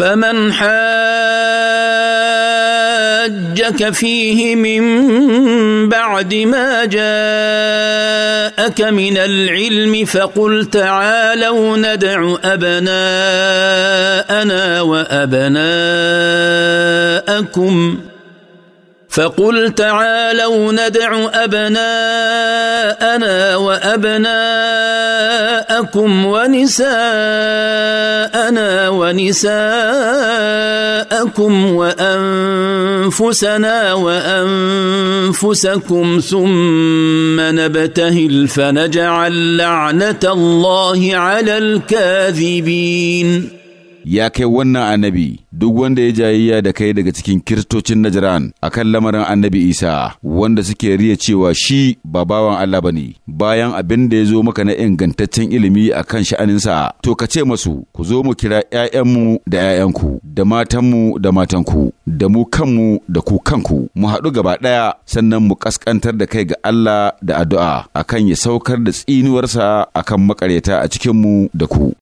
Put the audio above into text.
فمن حاجك فيه من بعد ما جاءك من العلم فقل تعالوا ندع أبناءنا وأبناءكم فقل تعالوا ندع ابناءنا وابناءكم ونساءنا ونساءكم وانفسنا وانفسكم ثم نبتهل فنجعل لعنه الله على الكاذبين ya kai wannan annabi duk wanda ya jayayya da kai daga cikin kiristocin a kan lamarin annabi isa wanda suke riya cewa shi ba bawan allah ba ne. bayan abin da ya zo maka na ingantaccen ilimi a kan sha'aninsa to ka ce masu ku zo mu kira 'ya'yanmu da 'ya'yanku da matanmu da matanku da mu kanmu da ku kanku mu haɗu gaba ɗaya sannan mu ƙasƙantar da kai ga Allah da addu'a akan ya saukar da tsinuwarsa akan makareta a cikinmu da ku.